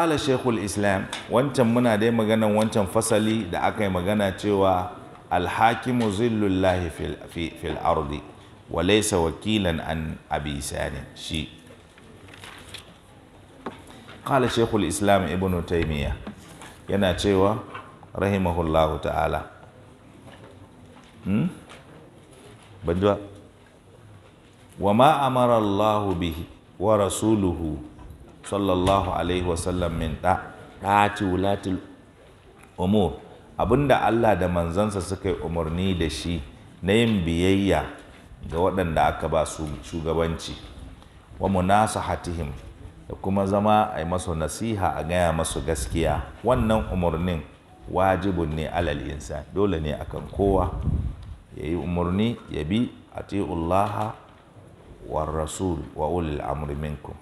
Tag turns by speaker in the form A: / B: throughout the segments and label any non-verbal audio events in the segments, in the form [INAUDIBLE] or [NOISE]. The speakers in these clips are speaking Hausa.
A: kala shekul islam wancan muna dai maganan wancan fasali da aka yi magana cewa alhakimu zillullahi fil ardi wa laysa wakilan an abi sani shi kala shekul islam ibn taimiyya yana cewa rahimahullahu ta'ala hmm? ban wa ma amara allahu bihi wa rasuluhu sallallahu alaihi wasallam min ta ɗaci wulatul umur abinda Allah da manzansa suka yi umarni da shi na yin biyayya ga waɗanda aka ba su shugabanci wa munasahatihim da kuma zama a yi masu nasiha a gaya masu gaskiya wannan umarnin wajibun ne alal insa dole ne akan kowa ya yi umarni ya bi a Allah rasul wa ulil amri minkum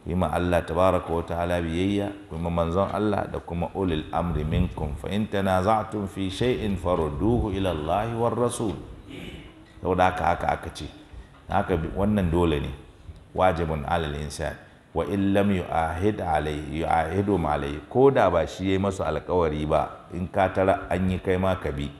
A: ku yi ma Allah tabaraka wa ta'ala biyayya kuma manzon Allah da kuma ulil amri minkum fa in tanaza'tum fi shay'in farudduhu ila Allah war rasul saboda haka haka aka ce haka wannan dole ne wajibun alal insan wa in lam yu'ahid alayhi yu'ahidu alayhi ko da ba shi yayi masa alkawari ba in ka tara an yi kai ma ka bi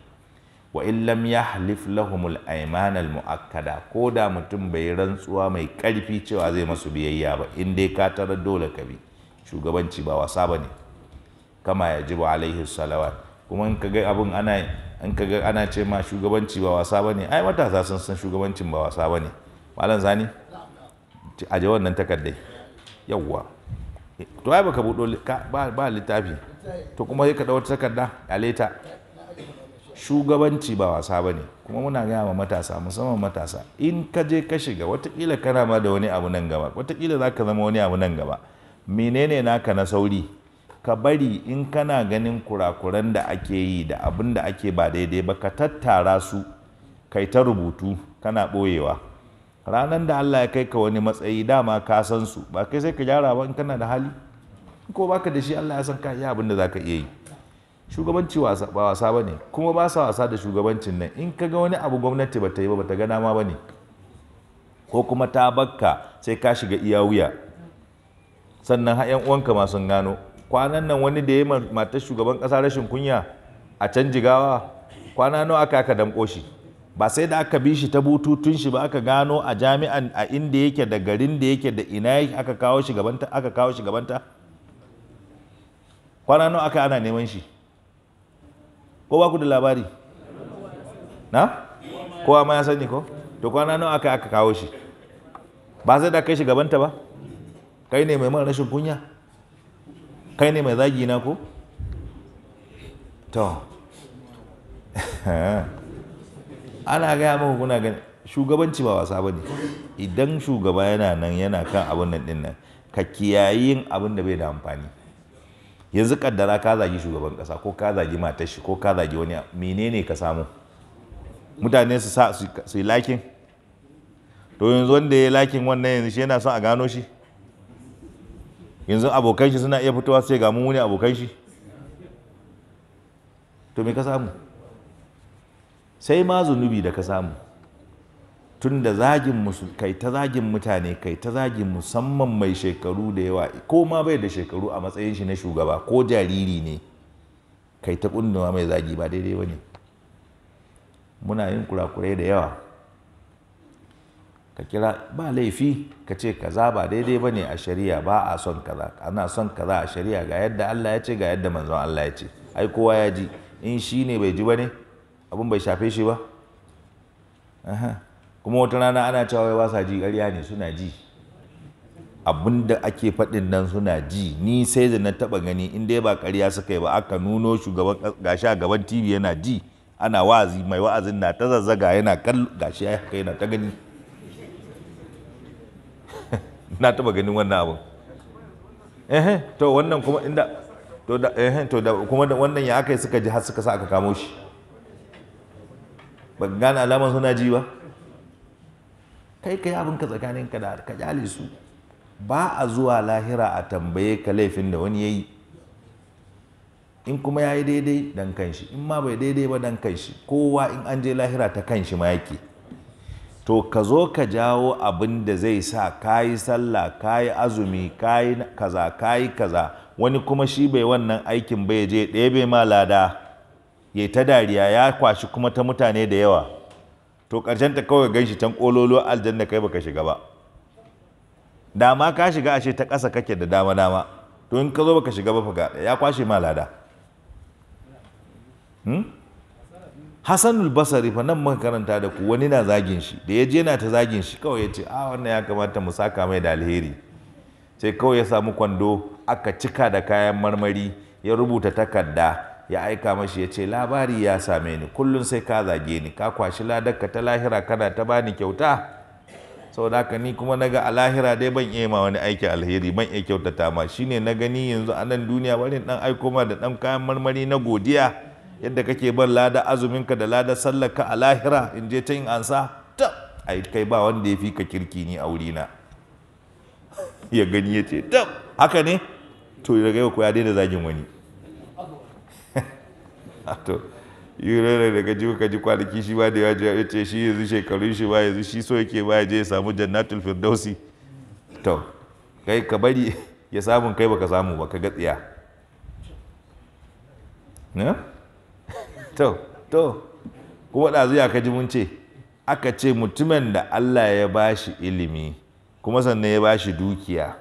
A: wa in ya halif lahumul ayman al muakkada ko da mutum bai rantsuwa mai karfi cewa zai masu biyayya ba in dai ka tarar dole ka bi shugabanci ba wasa bane kama ya jibu alaihi salawat kuma in kaga abin ana in kaga ana ce ma shugabanci ba wasa bane ai matasa sun san shugabancin ba wasa bane malam zani a je wannan takardai yawwa to ai baka budo ba littafi to kuma sai ka wata takarda a leta shugabanci ba wasa ba ne kuma muna gaya ma matasa musamman matasa in ka je ka shiga watakila kana ma da wani abu nan gaba watakila za ka zama wani abu nan gaba menene naka na sauri ka bari in kana ganin kurakuran da ake yi da abin da ake ba daidai ba ka tattara su kai ta rubutu kana ɓoyewa ranar da Allah ya kai ka wani matsayi dama ka san su ba kai sai ka gyara ba in kana da hali ko baka da shi Allah ya san ka iya abin da za ka iya yi shugabanci ba wasa ba ne kuma ba sa wasa da shugabancin nan in ka ga wani abu gwamnati ba ta yi ba ba ta gana ma ba ne ko kuma ta bakka sai ka shiga iya wuya sannan hayan uwanka ma sun gano kwanan nan wani da ya yi matar shugaban ƙasa rashin kunya a can jigawa kwana nawa aka aka damƙo shi ba sai da aka bi shi ta bututun shi ba aka gano a jami'an a inda yake da garin da yake da ina aka kawo shi gabanta aka kawo shi gabanta kwana nawa aka ana neman shi ko ba ku da labari na kowa ma ya sani ko to kwana nawa aka aka kawo shi ba sai da kai shi gabanta ba kai ne mai mara rashin kunya kai ne mai zagi na ko to [LAUGHS] ana gaya muku kuna gani shugabanci ba wasa ba ne idan shugaba yana nan yana kan abin nan din nan ka kiyayin abin da bai da amfani yanzu kaddara ka zagi shugaban kasa ko ka zagi matar shi ko ka zagi wani menene ka samu mutane su sa su yi lakin to yanzu wanda ya lakin wannan yanzu shi yana son a gano shi yanzu abokan shi suna iya fitowa sai ga mu ne abokan shi to me ka samu sai ma zunubi da ka samu tun da zagin kai ta zagin mutane kai ta zagin musamman mai shekaru da yawa ko ma bai da shekaru a matsayin shi na shugaba ko jariri ne kai ta kunnuwa mai zagi ba daidai ba muna yin kurakurai da yawa ka kira ba laifi ka ce kaza ba daidai ba ne a shari'a ba a son kaza ana son kaza a shari'a ga yadda Allah ya ce ga yadda manzon Allah ya ce ai kowa ya ji in shi ne bai ji ba ne abin bai shafe shi ba kuma wata rana ana cewa ba sa ji ƙarya ne suna ji abin da ake faɗin nan suna ji ni sai da na taɓa gani in dai ba ƙarya suka yi ba aka nuno shugaban gashi a gaban tv yana ji ana wa'azi mai wa'azin na ta zazzaga yana kallo gashi ya kai yana ta gani [LAUGHS] na taɓa ganin wannan abin eh to wannan kuma inda to da eh to da kuma da wannan ya aka yi suka ji har suka sa aka kamo shi ba gane alaman suna ji ba kai kai yi ka tsakanin da ka kyale su ba a zuwa lahira a tambaye ka laifin da wani ya yi. in kuma ya yi daidai dan kanshi in ma bai daidai ba dan kanshi kowa in an je lahira ta kanshi ma yake to ka zo ka jawo abin da zai sa ka kayi sallah yi azumi kayi kaza kayi kaza wani kuma shi bai wannan aikin bai je ɗaya bai ma lada ya ta dariya ya kwashi kuma ta mutane da yawa to ƙarshen ta kawai gan shi can ƙololo aljanna kai baka shiga ba dama ka shiga ashe ta ƙasa kake da dama dama to in ka zo baka shiga ba faga ya kwashe ma lada hmm? Hassanul Basari fa nan muka karanta da ku wani na zagin shi da ya je na ta zagin shi kawai ya ce a ah, wannan ya kamata mu saka mai da alheri sai kawai ya samu kwando aka cika da kayan marmari ya rubuta takarda ya aika mashi ya ce labari ya same ni kullum sai ka zage ni ka kwashi ladarka ta lahira kana ta bani kyauta saboda haka ni kuma naga a lahira dai ban iya ma wani aiki alheri ban iya kyautata ma shine na gani yanzu a nan duniya bari dan aiko ma da dan kayan marmari na godiya yadda kake ban lada azuminka da lada sallarka a lahira in je ta yin ansa ta ai kai ba wanda ya fi ka kirki ni a wurina [LAUGHS] ya gani ya ce tab haka ne to daga yau ko ya daina zagin wani [LAUGHS] to yi ne daga ji ka ji kwanaki shi ba da ya ce shi yanzu shekarun shi ba yanzu shi so yake ba ya je ya samu jannatul firdausi to kai ka bari ya samu kai baka samu ba ka ga tsiya ne [LAUGHS] to to kuma ɗazu ya ka ji mun ce aka ce mutumin da Allah ya bashi ilimi kuma sannan ya bashi dukiya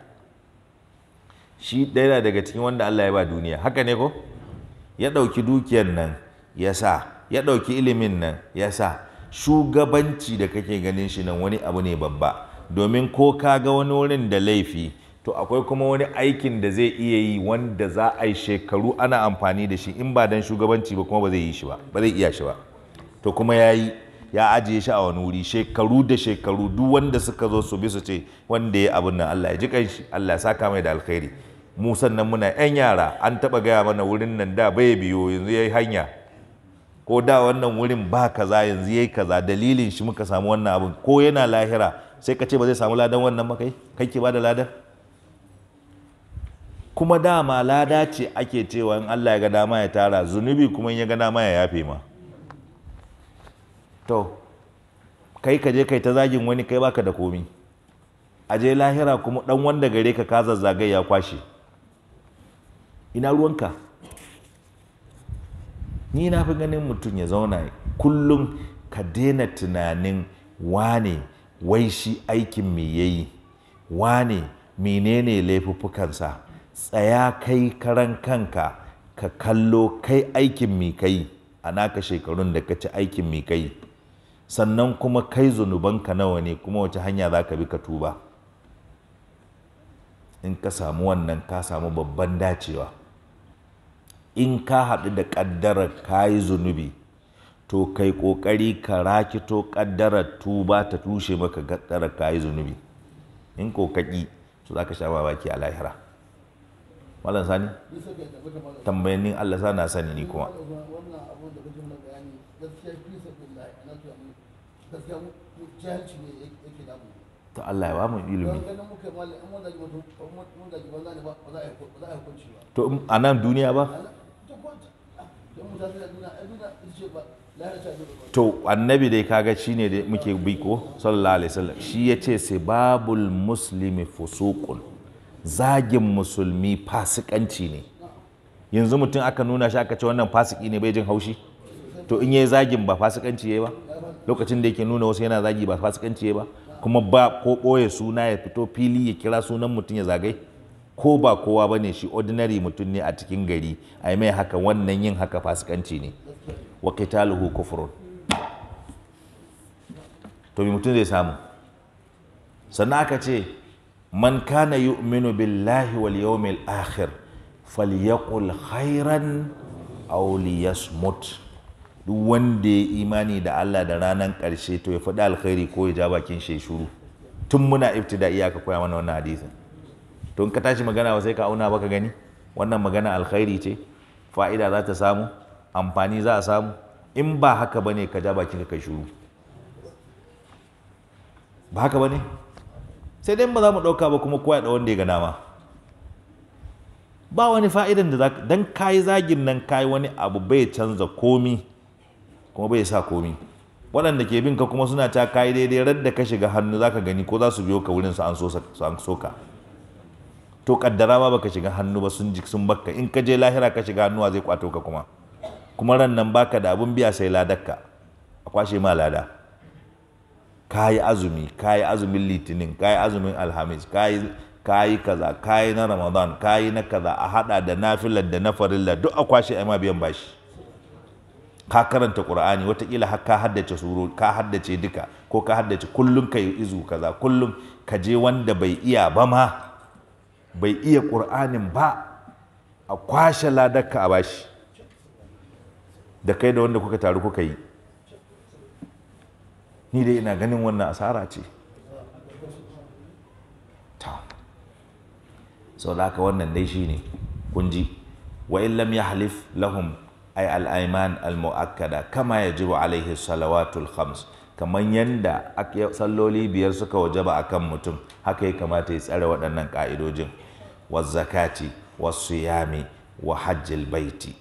A: shi ɗaya daga cikin wanda Allah ya ba duniya haka ne ko ya ɗauki dukiyar nan ya sa ya ɗauki ilimin nan ya sa shugabanci da kake ganin shi nan wani abu ne babba domin ko ka ga wani wurin da laifi to akwai kuma wani aikin da zai iya yi wanda za a yi shekaru ana amfani da shi in ba dan shugabanci ba kuma ba zai yi shi ba ba zai iya shi ba to kuma ya yi ya ajiye shi a wani wuri shekaru da shekaru duk wanda suka zo su bi su ce wanda ya abin nan Allah ya ji shi Allah ya saka mai da alkhairi mu sannan muna yan yara an taɓa gaya mana wurin nan da bai biyo yanzu yi hanya ko da wannan wurin ba kaza yanzu ya yi kaza dalilin shi muka samu wannan abin ko yana lahira sai ka ce ba zai samu ladan wannan ba kai ke ba da ladan kuma dama lada ce ake cewa in Allah ya ga dama ya tara zunubi kuma in ya ga dama ya yafe ma to kai ka je kai ta zagin wani kai baka da komi a je lahira kuma dan wanda gare ka ka zazzagai ya kwashe ina ruwanka ni na fi ganin mutum ya zauna kullum ka daina tunanin wane wai shi aikin mai yayi wane menene laifuffukansa tsaya kai karan kanka ka kallo kai aikin mai kai a naka shekarun da ka ci aikin mai kai sannan kuma kai zunubanka nawa ne kuma wace hanya za ka bi ka tuba in ka samu wannan ka samu babban dacewa in ka haɗu da ƙaddarar ka yi zunubi to kai ƙoƙari ka rakito ƙaddarar tuba ta tushe maka ƙaddarar ka yi zunubi in ko kaƙi to za ka sha babaki a lahira malam sani tambayanin allah sana sani ni kuma to Allah ya ba mu ilimi to a nan duniya ba to annabi dai kaga shine da muke bi ko sallallahu alaihi wasallam shi yace sibabul muslimi fusuqun zagin musulmi fasikanci ne yanzu mutum aka nuna shi aka ce wannan fasiki ne bai jin haushi to in yayi zagin ba fasikanci yayi ba lokacin da yake nuna wasu yana zagi ba fasikanci yayi ba kuma ba ko boye suna ya fito fili ya kira sunan mutum ya zagai ko ba kowa ba ne shi ordinary mutum ne a cikin gari a mai haka wannan yin haka fasikanci ne wa qitaluhu kufrun to bi mutum zai samu sannan aka ce man kana yu'minu billahi wal yawmil akhir falyaqul khairan aw liyasmut duk wanda ya imani da Allah da ranar ƙarshe to ya faɗi alkhairi ko ya ja bakin shi shuru tun muna ibtida'i aka koya mana wannan hadisin to in ka tashi magana ba sai ka auna baka gani wannan magana alkhairi ce fa'ida za ta samu amfani za a samu in ba haka bane ka ja bakin ka shuru ba haka bane sai dai ba za mu ɗauka ba kuma kowa ya wanda ya ga ma ba wani fa'idan da za ka dan kayi zagin nan kayi wani abu bai canza komi kuma bai sa komi waɗanda ke bin ka kuma suna ta kayi daidai radda ka shiga hannu za ka gani ko za su biyo ka wurin su an so ka to kaddara ma baka shiga hannu ba sun ji sun bakka in ka je lahira ka shiga hannuwa zai kwato ka kuma kuma ran nan baka da abun biya sai ladakka a kwashe ma lada kayi azumi kayi azumin litinin kayi azumin alhamis kayi kayi kaza kayi na ramadan kayi na kaza a hada da nafilar da na farilla duk a kwashe ai ma biyan bashi ka karanta qur'ani watakila har ka haddace suro ka haddace duka ko ka haddace kullum kai izu kaza kullum ka je wanda bai iya ba ma bai iya ƙur'anin ba a kwashe ladarka a bashi da kai da wanda kuka taru kuka yi ni dai ina ganin wannan asara ce ta sau da aka wannan dai shi ne kunji wa illam lam yahlif lahum ay al al-mu'akkada kama ya yajibu alaihi salawatul khams kamar yadda salloli biyar suka wajaba a kan mutum haka ya kamata ya tsare waɗannan ƙa'idojin wa zakati wa suyami wa hajjil baiti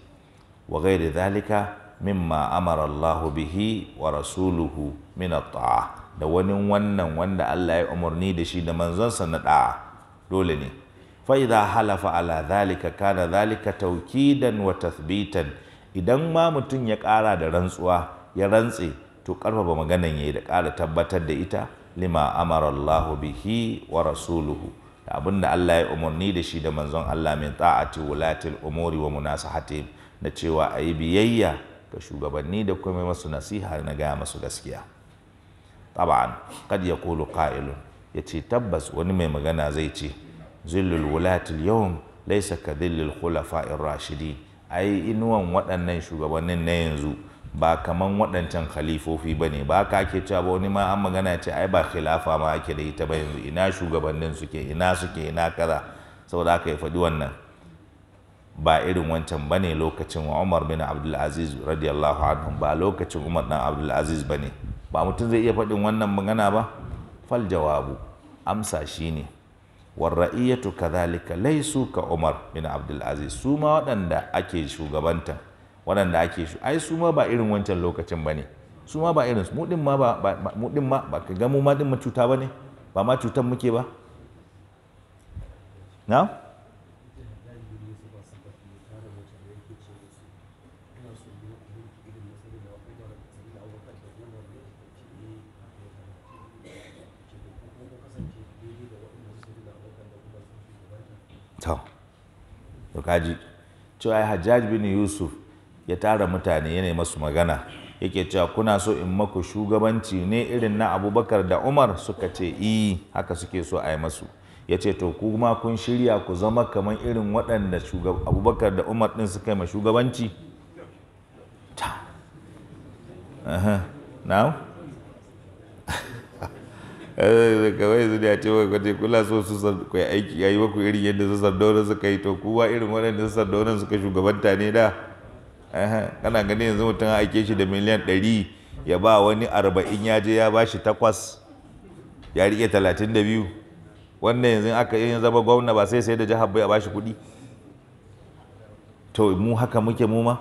A: wa gairi zalika min amara Allah bihi wa rasuluhu min ta'a da wani wannan wanda Allah ya umarni da shi da manzonsa na ɗa'a dole ne fa idza halafa ala zalika kana zalika taukidan wa tathbitan idan ma mutum ya ƙara da rantsuwa ya rantse to karfafa maganan yi da ƙara tabbatar da ita lima amara Allah bihi wa rasuluhu da abinda Allah ya umarni da shi da manzon Allah min ta'ati wulatil umuri wa munasahati na cewa ayi biyayya ga shugabanni da kuma masu nasiha na gaya masu gaskiya taban kad ya kulu ya yace tabbas wani mai magana zai ce zillul wulatil yawm laisa ka dhillil khulafa'ir rashidin ai inuwan waɗannan shugabannin na yanzu ba kaman waɗancan khalifofi ba ne ba ka ke cewa ba wani ma an magana ce ai ba khilafa ma ake da ita ba yanzu ina shugabannin suke ina suke ina kaza saboda aka yi faɗi wannan ba irin wancan ba ne lokacin umar bin abdulaziz radiyallahu anhu ba lokacin umar dan abdulaziz ba ne ba mutum zai iya faɗin wannan magana ba fal jawabu amsa shi shine warra'iyatu kadhalika laysu ka umar bin abdulaziz su ma waɗanda ake shugabantan. waɗanda ake shi ai su ma ba irin wancan lokacin ba ne su ma ba irin su muɗin ma ma ba ka gamu ma ɗin cuta ba ne ba ma cutan muke ba na to kaji cewa hajjaj bin yusuf ya tara mutane yanayi masu magana yake cewa kuna so in maku shugabanci ne irin na abubakar da umar suka ce i e, haka suke so a yi masu ya ce to kuma kun shirya ku zama kamar irin waɗanda abubakar da umar ɗin suka yi ma shugabanci ta now kawai su da ce kwace kula so su kai aiki ya yi maku irin yadda su sardauna suka yi to kuwa irin waɗanda su sardauna suka shugabanta ne da kana gani yanzu mutum aike shi da miliyan 100 ya ba wani 40 ya je ya ba shi 8 ya rike 32 wannan yanzu aka yi zaba gwamna ba sai sai da jihar bai ba shi kudi to mu haka muke mu ma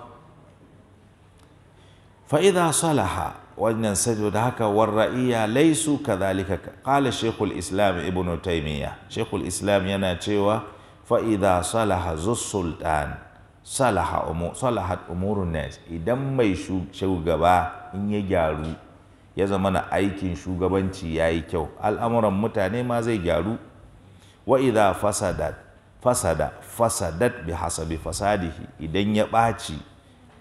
A: fa idza salaha wannan sai da haka war ra'iya laysu kadalika, qala shaykhul islam ibnu taymiya shaykhul islam yana cewa fa idza salaha zus sultan salaha umu salahat umurun nas idan mai shugaba in ya gyaru ya zama na aikin shugabanci yayi kyau al'amuran mutane ma zai gyaru wa idha fasadat fasada fasadat bi hasabi fasadihi idan ya ɓaci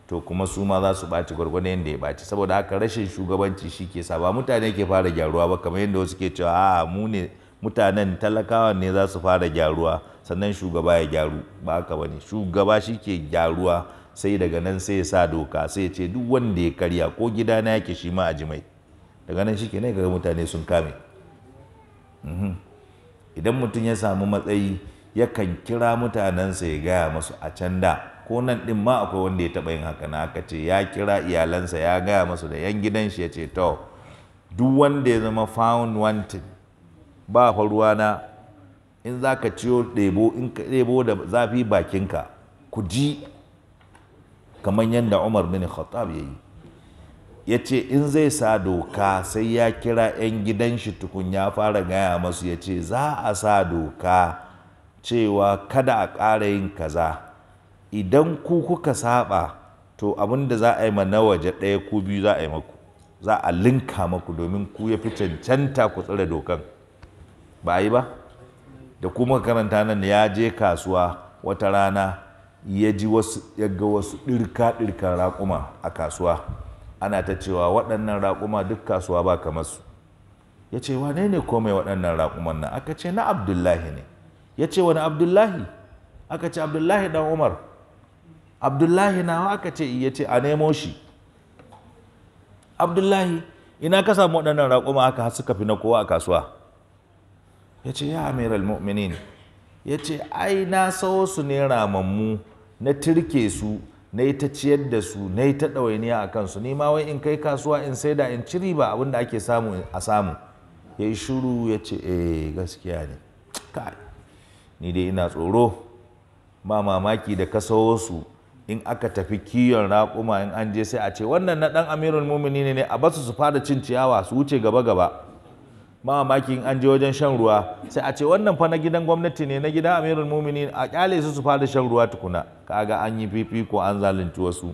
A: to kuma su ma za su ɓaci gwargwadon yanda ya baci saboda haka rashin shugabanci shi ke sa ba mutane ke fara gyaruwa ba kamar yanda wasu ke cewa a mu ne mutanen talakawa ne za su fara gyaruwa sannan shugaba ya gyaru ba haka ba ne shugaba shi ke gyaruwa sai daga nan sai ya sa doka sai ya ce duk wanda ya karya ko gida na yake shi ma a jimai daga nan shi ke ne ga mutane sun kame mhm. idan mutum ya samu matsayi yakan kira mutanensa ya gaya masu a can da ko nan ɗin ma akwai wanda ya taɓa yin haka na aka ce ya kira iyalansa ya gaya masu da yan gidan shi ya ce to duk wanda ya zama found wanted ba fa ruwana in za ka ciyo ɗebo in ka ɗebo da zafi bakinka ku ji kamar yadda umar bin khattab ya yi ya ce in zai sa doka sai ya kira 'yan gidan shi tukun ya fara gaya masu ya ce za a sa doka cewa kada a ƙara yin kaza idan ku kuka saba to abin da za a yi na waje ɗaya ku biyu za a yi maku za a linka maku domin ku ya fi cancanta ku tsare dokan ba yi ba da kuma karanta nan ya je kasuwa wata rana ya ji wasu ya ga wasu ɗirka ɗirkan raƙuma a kasuwa ana ta cewa waɗannan raƙuma duk kasuwa ba kamar su ya ce wane ne komai waɗannan raƙuman nan aka ce na abdullahi ne ya ce wani abdullahi aka ce abdullahi dan umar abdullahi nawa aka ce ya ce a nemo shi abdullahi ina ka samu waɗannan raƙuma aka suka fi na kowa a kasuwa ya ce ya amiral mu'minin ya ce ai na sawo su ne ramammu na tirke su na yi ta ciyar da su na yi ta ɗawainiya a kansu ni ma wai in kai kasuwa in saida da in ci riba abin da ake samu a samu ya yi shuru ya ce eh gaskiya ne kai ni dai ina tsoro ba mamaki da ka sawo su in aka tafi kiyon raƙuma in an je sai a ce wannan na ɗan amirul mumini ne a basu su fara cin ciyawa su wuce gaba gaba mamakin an je wajen shan ruwa sai a ce wannan fa na gidan gwamnati ne na gidan amirul muminin a kyale su su fara shan ruwa tukuna kaga an yi fifiko an zalunci wasu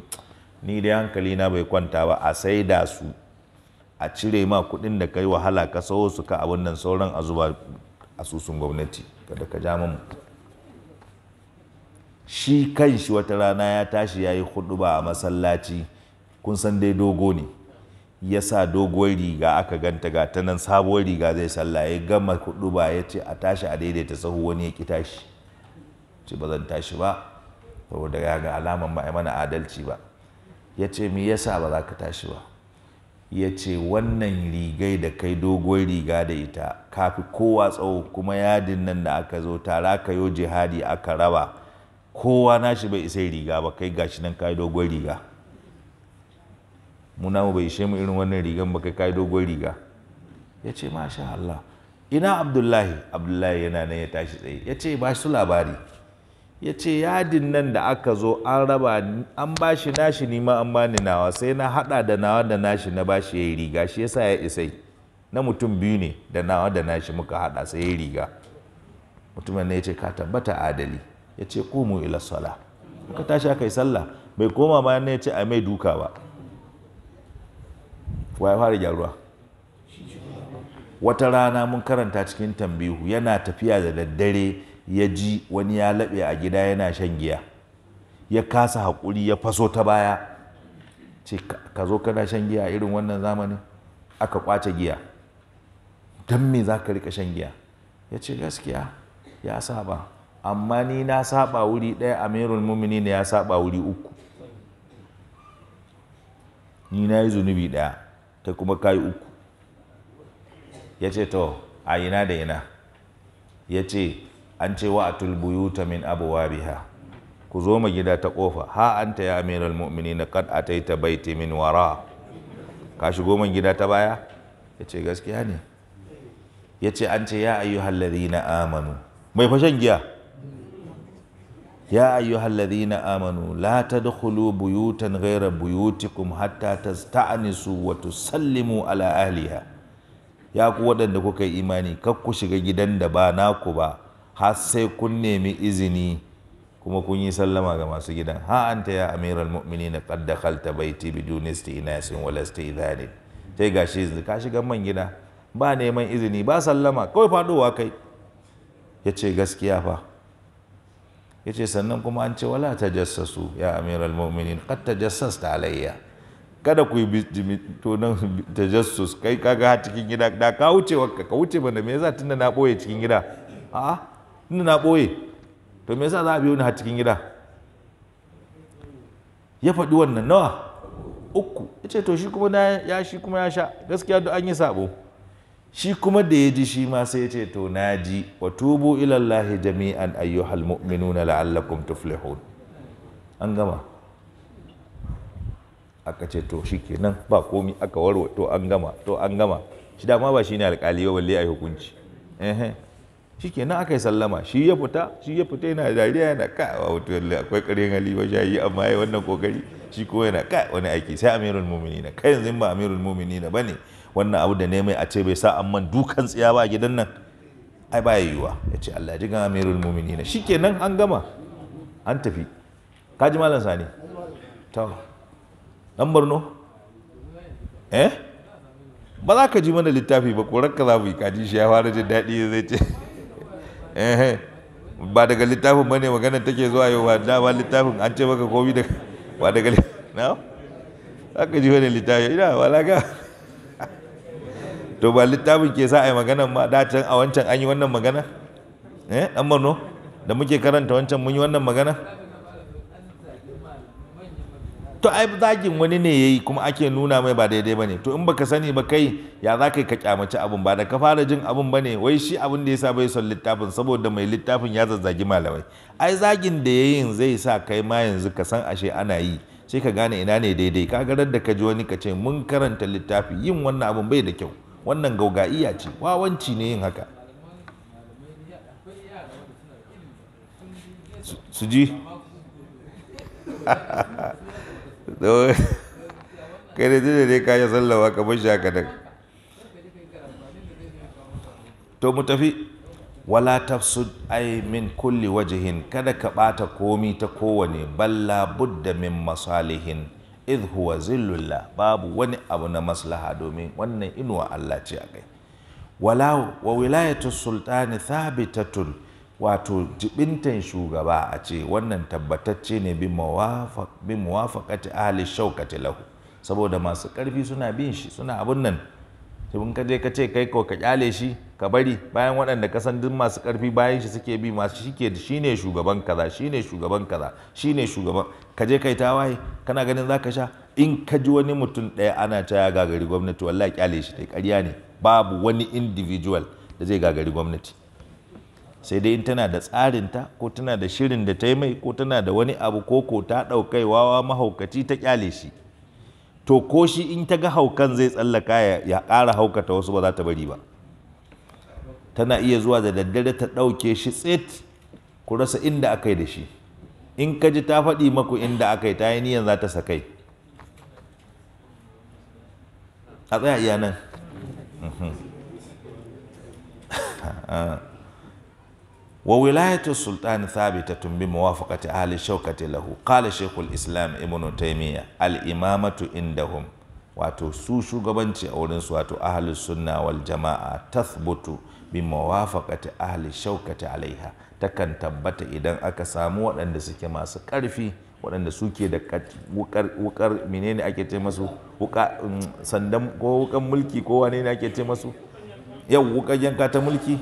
A: ni dai hankali na bai kwanta ba a sai da su a cire ma kudin da kai wahala ka sawo su ka abin nan sauran a zuba asusun gwamnati kada ka ja mamu shi kan shi wata rana ya tashi ya yi hudu ba a masallaci kun san dai dogo ne ya sa doguwar riga aka ganta ga ta nan sabuwar riga zai sallah ya gama kudu ba ya ce a tashi a daidaita sahu wani ya ki tashi ce ba zan tashi ba saboda ya ga alaman ba mana adalci ba ya ce me sa ba za ka tashi ba ya ce wannan rigai da kai doguwar riga da ita kafi kowa tsawo kuma yadin nan da aka zo tara ka yo jihadi aka raba kowa nashi bai isai riga ba kai gashi nan kai doguwar riga Muna mu namu bai ishe mu irin wannan rigan ba kai kai dogon riga ya ce masha Allah ina Abdullahi Abdullahi yana nan ya tashi tsaye ya ce ba su labari ya ce yadin nan da aka zo an raba an ba shi nashi ni ma an ba ni nawa sai na hada da nawa da nashi na ba shi ya yi riga shi yasa ya isai na mutum biyu ne da nawa da nashi muka hada sai ya yi riga mutumin ne ya ce ka tabbata adali ya ce mu ila sala muka tashi aka yi sallah bai koma bayan ne ya ce a mai duka ba wa ya fara gyaruwa wata rana mun karanta cikin tambihu yana tafiya da daddare ya ji wani ya laɓe a gida yana shan giya ya kasa haƙuri ya faso ta baya ce ka zo kana shan giya irin wannan zamanin aka kwace giya don me za ka rika shan giya ya ce gaskiya ya saba amma ni na saba wuri ɗaya amirul mumini ne ya saba wuri uku ni na yi zunubi ɗaya kai kuma kayi uku ya ce to a ina da ina ya ce an ce wa a atul buyuta min abuwa biya. ku zo ma gida ta kofa ha an ta ya amiral kan qad ataita baiti min wara ka shigo man gida ta baya ya ce gaskiya ne ya ce an ce ya ayyuhal na amanu mai fashen giya ya ayyuhal na amanu la tadkhulu buyutan gaira buyutikum hatta ta'anisu wa sallimu ala ahliha ya ku waɗanda kuka yi imani kar ku shiga gidan da ba naku ba har sai kun nemi izini kuma kun yi sallama ga masu gidan ha anta ya amiral mu'minina qad dakhalta baiti bidun isti'nasin wala istidhani sai gashi yanzu ka shiga man gida ba neman izini ba sallama kawai faɗowa kai yace gaskiya fa yace sannan kuma an ce wala ta jassasu ya amiral ta qad ta alayya kada ku yi to ta jassus kai kaga ha cikin gida da ka wuce wakka ka wuce bane me yasa tunda na boye cikin gida a'a tunda na boye to me yasa za a biyo ni ha cikin gida ya faɗi wannan nawa uku yace to shi kuma ya shi kuma ya sha gaskiya duk an yi sabo shi kuma da ya ji shi ma sai ya ce to na ji wa tubu ilallahi jami'an ayyuhal mu'minuna la'allakum tuflihun an gama aka ce to shikenan ba komi aka warwa to an gama to an gama shi dama ba shine alƙali ba balle ai hukunci eh shikenan aka yi sallama shi ya fita shi ya fita yana dariya yana ka wato akwai ƙaryan hali ba shayi amma ya wannan kokari shi kuma yana ka wani aiki sai amirul mu'minina kai yanzu ba amirul mu'minina bane wannan abu da ne mai a ce bai sa amman dukan tsiya ba gidan nan ai ba yiwuwa ya ce Allah ji gan amirul mu'minin kenan an gama an tafi kaji malam sani to dan Borno eh ba za ka ji mana littafi ba korar ka za mu yi kaji shi ya fara jin daɗi zai ce [LAUGHS] eh ba daga littafin bane magana take zuwa yau ba da ba littafin an ce maka komi da ba daga [LAUGHS] na za ka ji wani littafi ina wala ga to ba littafin ke sa a yi maganan ba dacin a wancan an yi wannan magana eh dan Borno da muke karanta wancan mun yi wannan magana to ai zagin wani ne yayi kuma ake nuna mai ba daidai bane to in baka sani ba kai ya za kai ka kyamaci abun ba da ka fara jin abun bane wai shi abin da yasa bai son littafin saboda mai littafin ya zazzagi malamai ai zagin da yayi zai sa kai ma yanzu ka san ashe ana yi sai ka gane ina ne daidai ka garar da ka ji wani ka ce mun karanta littafi yin wannan abun bai da kyau wannan gauga'iya ce wawanci ne yin haka su ji [LAUGHS] kai da dai dai kayan sallawa kamar shi haka to mu tafi wala tafsu ai min kulli wajihin kada ka ɓata komi ta kowane balla budda min masalihin idh huwa zillullah babu wani abu na maslaha domin wannan inuwa Allah ce a kai wala wa wilayatu sultani thabitatul wato jibintan shugaba a ce wannan tabbatacce ne bi muwafaqati ahli shaukati lahu saboda masu karfi suna bin shi suna abun nan sai ka je ka ce kai ko ka kyale shi ka bari bayan waɗanda ka san duk masu ƙarfi bayan shi suke bi masu shike shine shugaban kaza shine shugaban kaza shine shugaban ka je kai tawaye kana ganin zaka sha in ka ji wani mutum ɗaya ana ta ya gagari gwamnati wallahi kyale shi dai ƙarya ne babu wani individual da zai gagari gwamnati sai dai in tana da tsarinta ko tana da shirin da ta yi mai ko tana da wani abu ko ko ta ɗaukai wawa mahaukaci ta kyale shi to ko shi in ta ga haukan zai tsallaka ya ƙara haukata wasu ba za ta bari ba tana iya zuwa da daddare ta ɗauke shi tsit ku rasa inda aka yi da shi in ka ji ta faɗi maku inda aka yi ta yi niyan za ta sakai a tsaya iya nan [LAUGHS] wa wilayatul sultani thabita bi muwafaqati ahli shawkati lahu qala shaykhul islam ibnu taymiya al imamatu indahum wato su shugabanci a wurin su wato ahalus sunna wal jama'a tathbutu bi mawafaqati ahli shaukati alaiha takan tabbata idan aka samu waɗanda suke masu ƙarfi waɗanda suke da wukar menene ake ce masu um, sandan ko wukan mulki ko wane ne ake ce masu yau wukan yanka ta mulki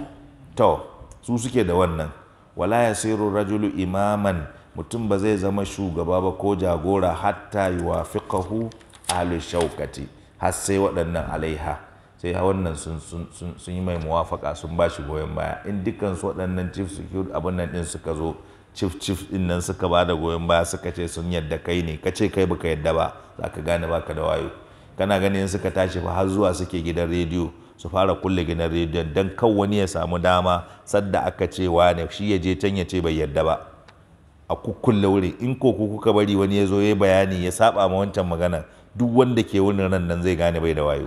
A: to su suke da wannan wala yasiru rajulu imaman mutum ba zai zama shugaba ba ko jagora hatta yuwafiqahu ahlu shaukati har sai waɗannan alaiha sai wannan sun yi mai muwafaka sun ba shi goyon baya in dukansu waɗannan chief security abin nan ɗin suka zo chief chief din nan suka ba da goyon baya suka ce sun yadda kai ne kace kai baka yadda ba za ka gane baka da wayo kana gani in suka tashi fa har zuwa suke gidan rediyo su fara kulle gidan rediyo dan kan wani ya samu dama sadda aka ce ne shi ya je can ya ce bai yadda ba a kukkulle wuri in ko kuka bari wani ya zo ya bayani ya saba ma wancan maganar duk wanda ke wurin ran nan zai gane bai da wayo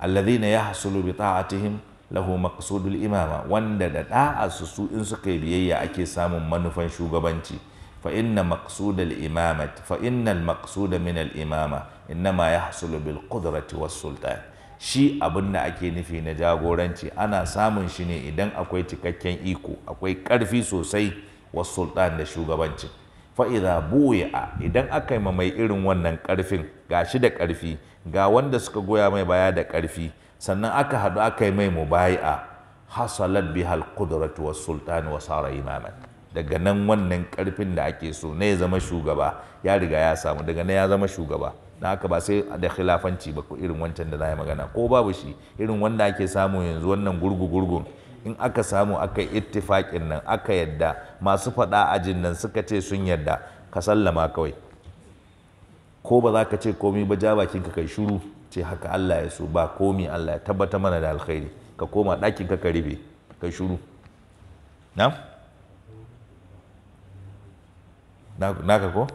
A: alladhina yahsulu bi ta'atihim lahu maqsudul imama wanda da da'arsu su in suka yi biyayya ake samun manufan shugabanci fa inna maqsudal imamat fa innal maqsuda min al imama innama yahsulu bil qudrati was sultan shi abin da ake nufi na jagoranci ana samun shi ne idan akwai cikakken iko akwai ƙarfi sosai wasu sultan da shugabancin fa'iza buya idan aka yi mai irin wannan ƙarfin ga shi da ƙarfi ga wanda suka goya mai baya da ƙarfi sannan aka haɗu aka yi mai mubayi a hasalat bihal kudurati wa sultan wa sara imaman daga nan wannan ƙarfin da ake so na ya zama shugaba ya riga ya samu daga nan ya zama shugaba na haka ba sai da khilafanci ba irin wancan da na yi magana ko babu shi irin wanda ake samu yanzu wannan gurgu gurgun in aka samu aka yi ittifaƙin nan aka yadda masu faɗa ajin nan suka ce sun yadda ka sallama kawai ko ba za ka ce komi ba ja bakin ka kai shuru ce haka Allah ya so ba komi Allah ya tabbata mana da alkhairi ka koma ɗakin ka ka ribe kai shuru na naka ko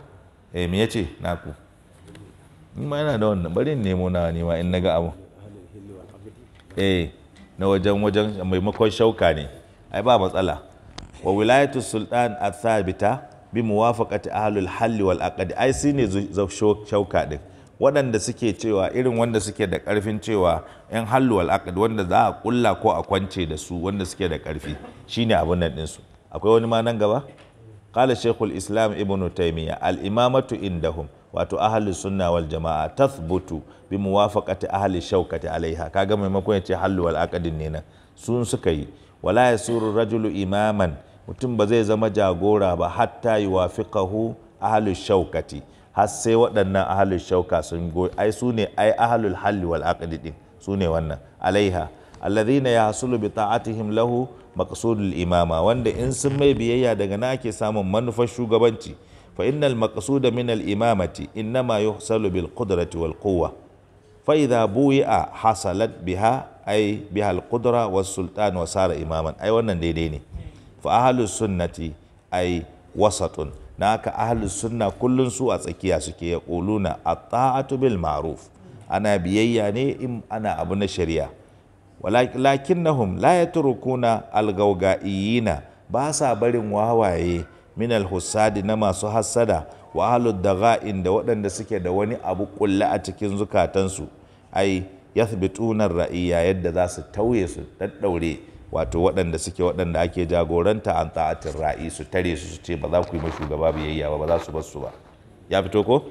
A: eh me yace naku in ma yana da wannan bari in nemo na ne ma in naga abu eh na wajen wajen maimakon shauka ne ai ba matsala wa wilayatu sultan athabita bi muwafaqati ahlul halli wal aqd ai sine shauka din waɗanda suke cewa irin wanda suke da ƙarfin cewa yan hallu wal aqd wanda za a kulla ko a kwance da su wanda suke da ƙarfi shine abun nan din su akwai wani ma nan gaba qala shaykhul islam ibnu taymiya al imamatu indahum wato ahli sunna wal jama'a tathbutu bi muwafaqati ahli shaukati alaiha kaga maimakon yace hallu wal aqdin ne nan sun suka yi wala yasuru rajulu imaman mutum ba zai zama jagora ba hatta yuwafiqahu ahli shaukati har sai waɗannan ahli shauka sun go ai su ne ai ahlul halli wal aqdi din su ne wannan alaiha alladhina yahsulu bi ta'atihim lahu maqsudul imama wanda in sun mai biyayya daga na ake samun manufar shugabanci fa innal maqsuda min al imamati innama yuhsalu bil qudrati wal quwwa fa buyi, a hasalat biha ai biha al qudra was sultan wa imaman ai wannan daidai ne fa ahlus sunnati ai wasatun na haka ahlus sunna kullum su a tsakiya suke yaquluna at-ta'atu bil ma'ruf ana biyayya ne in ana abu na shari'a lakinnahum la yatrukuna al-gawga'iyina ba sa barin wawaye minal hussadi na masu hassada wa ahlud daga'in da waɗanda suke da wani abu kulla a cikin zukatansu ai yathbituna ra'iya yadda za su tauye su daddaure wato waɗanda suke waɗanda ake jagoranta an ta'atin ra'i su tare su su ce ba za ku yi ma shugaba biyayya ba ba za su bar su ba ya fito ko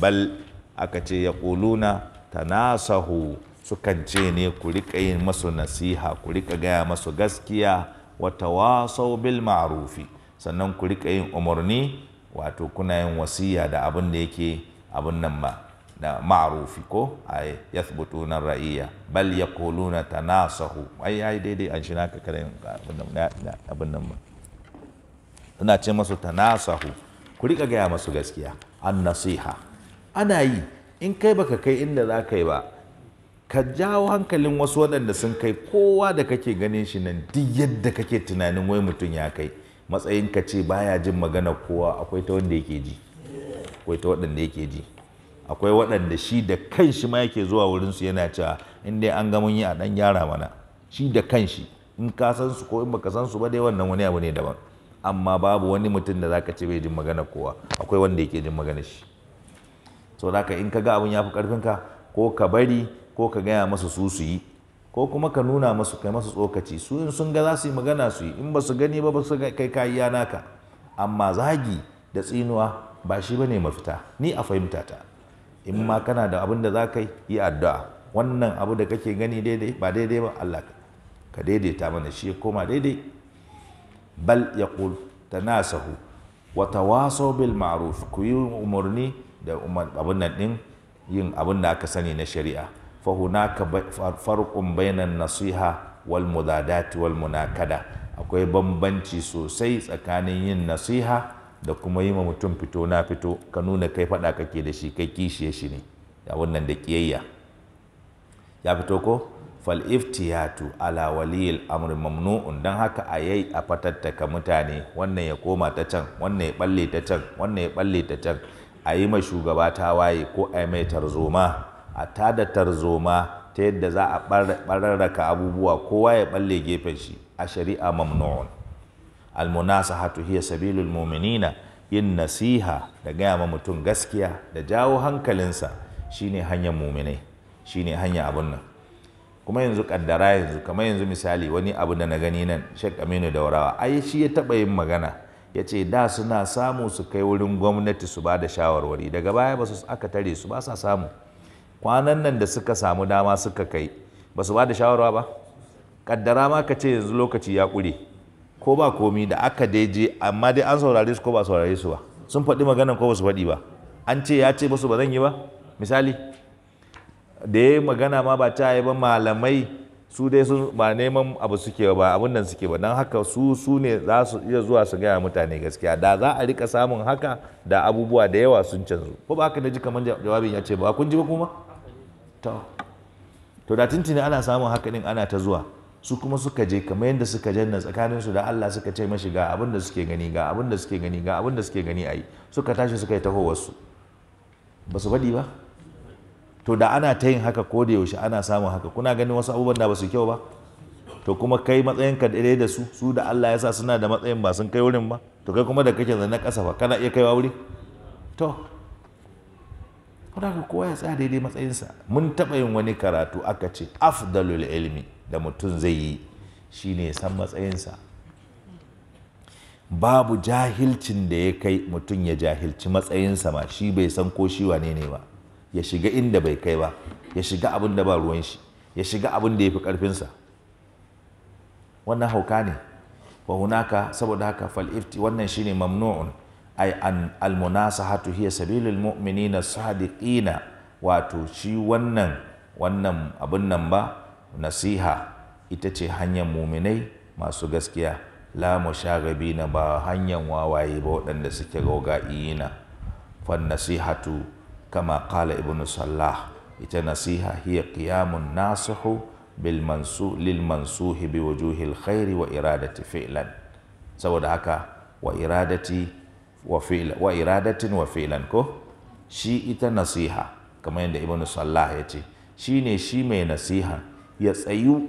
A: bal aka ce ya ƙuluna tanasahu sukan ce ne ku riƙa yin masu nasiha ku riƙa gaya masu gaskiya wata wasau bil ma'rufi sannan ku rika yin umarni wato kuna yin wasiya da abin da yake abin nan ba da maarufi ko a yathbutuna ra'iyya bal ya yaquluna tanasahu ai yi daidai an shi naka kare abin nan ba suna ce masu ta tanasahu ku rika gaya masu gaskiya an nasiha ana yi in kai baka kai inda za ka yi ba ka jawo hankalin wasu waɗanda sun kai kowa da kake ganin shi nan duk yadda kake tunanin wai mutum ya kai matsayin ka ce baya jin magana kowa akwai ta wanda yake ji akwai ta waɗanda yake ji akwai waɗanda shi da kanshi ma yake zuwa wurin su yana cewa in dai an ga mun yi a dan gyara mana shi da kanshi in ka san su ko in baka san su ba dai wannan wani abu ne daban amma babu wani mutum da zaka ce bai jin magana kowa akwai wanda yake jin magana shi so zaka in ka ga abun ya fi karfin ka ko ka bari ko ka gaya masa su su yi ko kuma ka nuna masu kai masu tsokaci su in sun ga za su yi magana su yi in ba su gani ba ba su kai kayi naka amma zagi da tsinuwa ba shi ba ne mafita ni a fahimta ta in ma kana da abin da za ka yi addu'a wannan abu da kake gani daidai ba daidai ba Allah ka daidaita mana shi ya koma daidai bal ya ta tanasahu wa waso bil ma'ruf ku yi umarni da abin nan din yin abin da aka sani na shari'a fahunaka farqun bainan nasiha wal mudadati wal munakada akwai bambanci sosai tsakanin yin nasiha da kuma yi ma mutum fito na fito ka nuna kai faɗa kake da shi kai kishiye shi ne ya wannan da kiyayya ya fito ko fal iftiyatu ala waliyil amri mamnu'un dan haka a yayi a fatattaka mutane wannan ya koma ta can wannan ya balle ta can wannan ya balle ta can a ma shugaba ta waye ko a mai tarzoma a tada tarzoma ta yadda za a bararraka abubuwa kowa ya balle gefen shi a shari'a mamnu'un almunasahatu hiya sabilul mu'minina yin nasiha da gaya ma mutum gaskiya da jawo hankalinsa shine hanyar muminai shine hanya abun nan kuma yanzu kaddara yanzu kamar yanzu misali wani abu da na gani nan Sheikh Aminu Daurawa ai shi ya taba yin magana ya ce da suna samu su kai wurin gwamnati su ba da shawarwari daga baya ba su aka tare su ba sa samu kwanan nan da suka samu dama suka kai ba su ba da shawarwa ba kaddara ma ka ce yanzu lokaci ya kure. ko ba komi da aka dai je amma dai an saurare su ko ba saurare su ba sun faɗi maganan ko ba su faɗi ba an ce ya ce musu ba zan yi ba misali da ya magana ma ba ta yi ba malamai su dai sun ba neman abu suke ba abin nan suke ba don haka su su ne za su iya zuwa su gaya mutane gaskiya da za a rika samun haka da abubuwa da yawa sun canzu ko ba haka na ji kamar jawabin ya ce ba kun ji ba kuma to da tuntuni ana samun haka din ana ta zuwa su kuma suka je kamar yadda suka janna tsakanin su da Allah suka ce mashi ga abin da suke gani ga abin da suke gani ga abin da suke gani ayi suka tashi suka yi tahowar wasu ba su faɗi ba to da ana ta yin haka ko da yaushe ana samun haka kuna ganin wasu abubuwan da ba su kyau ba to kuma kai matsayin ka daidai da su su da Allah ya sa suna da matsayin ba sun kai wurin ba to kai kuma da kake zanne ƙasa ba kana iya kaiwa wuri to kuna ka kowa ya tsaya daidai matsayinsa mun taɓa yin wani karatu aka ce afdalul ilmi da mutum zai yi shi ya san matsayinsa babu jahilcin da ya kai mutum ya jahilci matsayinsa ma shi bai san ko shi wane ne ba ya shiga inda bai kai ba ya shiga abin da ba ruwan shi ya shiga abin da ya fi ƙarfinsa wannan hauka ne wa hunaka saboda haka fal'ifti wannan shi ne mamnu'un ai an almunasahatu hiya sabilul mu'minina sadiqina wato shi wannan wannan abun nan ba nasiha ita ce hanyar muminai masu gaskiya la na ba hanyar wawaye ba waɗanda suke goga'iyina fan nasihatu kama qala ibnu sallah ita nasiha hiya qiyamun nasihu bil mansu lil mansuhi bi wujuhil khairi wa iradati fi'lan saboda haka wa iradati wa iradatin wa filan ko shi ita nasiha kamar yadda Ibn sallah ya ce shi ne shi mai nasiha ya tsayu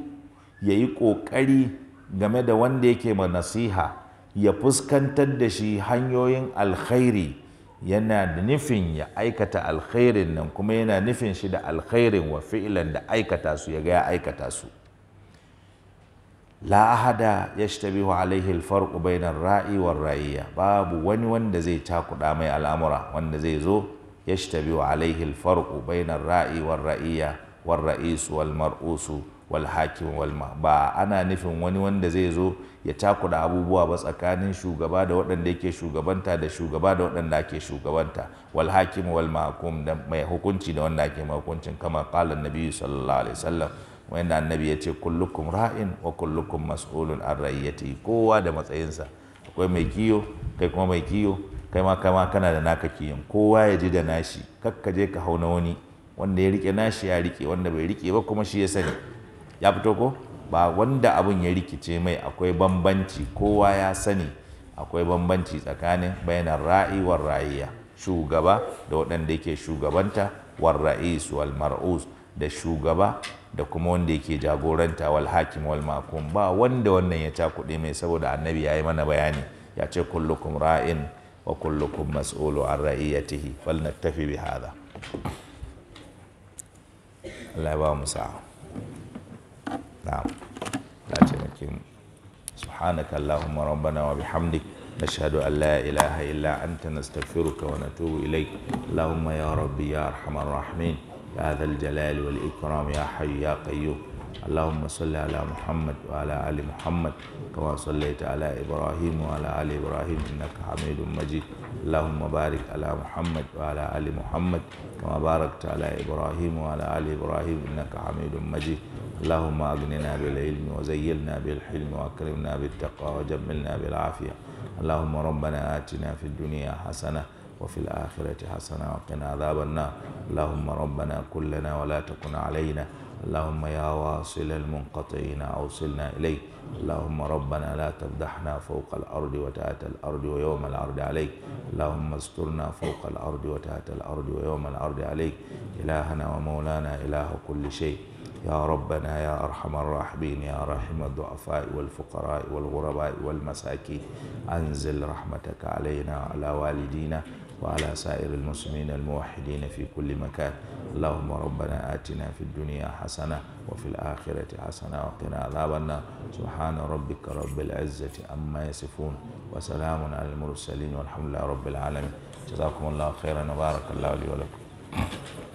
A: ya yi ƙoƙari game da wanda yake ma nasiha ya fuskantar da shi hanyoyin alkhairi yana da nufin ya aikata alkhairin nan kuma yana nufin shi da alkhairin wa fi'ilan da aikata su ya ga ya aikata su la ahada wa alaihi alfarqu bainar ra'i wa ra'iyya babu wani wanda zai cakuɗa mai al'amura wanda zai zo ya wa alaihi alfarqu bainar ra'i wa ra'iyya war ra'is wal mar'usu wal hakim wal ba ana nufin wani wanda zai zo ya cakuɗa abubuwa ba tsakanin shugaba da waɗanda yake shugabanta da shugaba da waɗanda ake shugabanta wal hakim wal da mai hukunci da wanda ake hukuncin kama qala nabi sallallahu alaihi wasallam wanda annabi ya ce kullukum ra'in wa kullukum mas'ulun an rayyati kowa da matsayinsa akwai mai kiyo kai kuma mai kiyo kai ma kai ma kana da naka kiyon kowa ya ji da nashi kakka je ka hau na wani wanda ya rike nashi ya rike wanda bai rike ba kuma shi ya sani ya fito ko ba wanda abun ya rikice mai akwai bambanci kowa ya sani akwai bambanci tsakanin bayanan ra'i war ra'iya shugaba da waɗanda yake shugabanta war ra'i wal mar'us da shugaba da kuma wanda yake jagoranta wal hakim wal makum ba wanda wannan ya ta kuɗi mai saboda annabi ya yi mana bayani ya ce kullukum ra'in wa kullukum mas'ulu an ra'iyatihi fal naktafi bi hadha Allah ya ba mu sa'a na'am la taimake mu subhanaka allahumma rabbana wa bihamdik نشهد أن لا إله إلا أنت نستغفرك ونتوب إليك اللهم يا ربي يا أرحم الراحمين يا ذا الجلال والإكرام يا حي يا قيوم اللهم صل على محمد وعلى آل محمد كما صليت على إبراهيم وعلى آل إبراهيم إنك حميد مجيد اللهم بارك على محمد وعلى آل محمد كما باركت على إبراهيم وعلى آل إبراهيم إنك حميد مجيد اللهم أغننا بالعلم وزيلنا بالحلم وأكرمنا بالتقوى وجملنا بالعافية اللهم ربنا آتنا في الدنيا حسنة وفي الآخرة حسنة وقنا عذاب النار اللهم ربنا كلنا ولا تكن علينا اللهم يا واصل المنقطعين أوصلنا إليك اللهم ربنا لا تفضحنا فوق الأرض وتحت الأرض ويوم الأرض عليك اللهم استرنا فوق الأرض وتحت الأرض ويوم الأرض عليك إلهنا ومولانا إله كل شيء يا ربنا يا أرحم الراحمين يا رحم الضعفاء والفقراء والغرباء والمساكين أنزل رحمتك علينا وعلى والدينا وعلى سائر المسلمين الموحدين في كل مكان اللهم ربنا آتنا في الدنيا حسنة وفي الآخرة حسنة وقنا عذاب النار سبحان ربك رب العزة عما يصفون وسلام على المرسلين والحمد لله رب العالمين جزاكم الله خيرا وبارك الله لي ولكم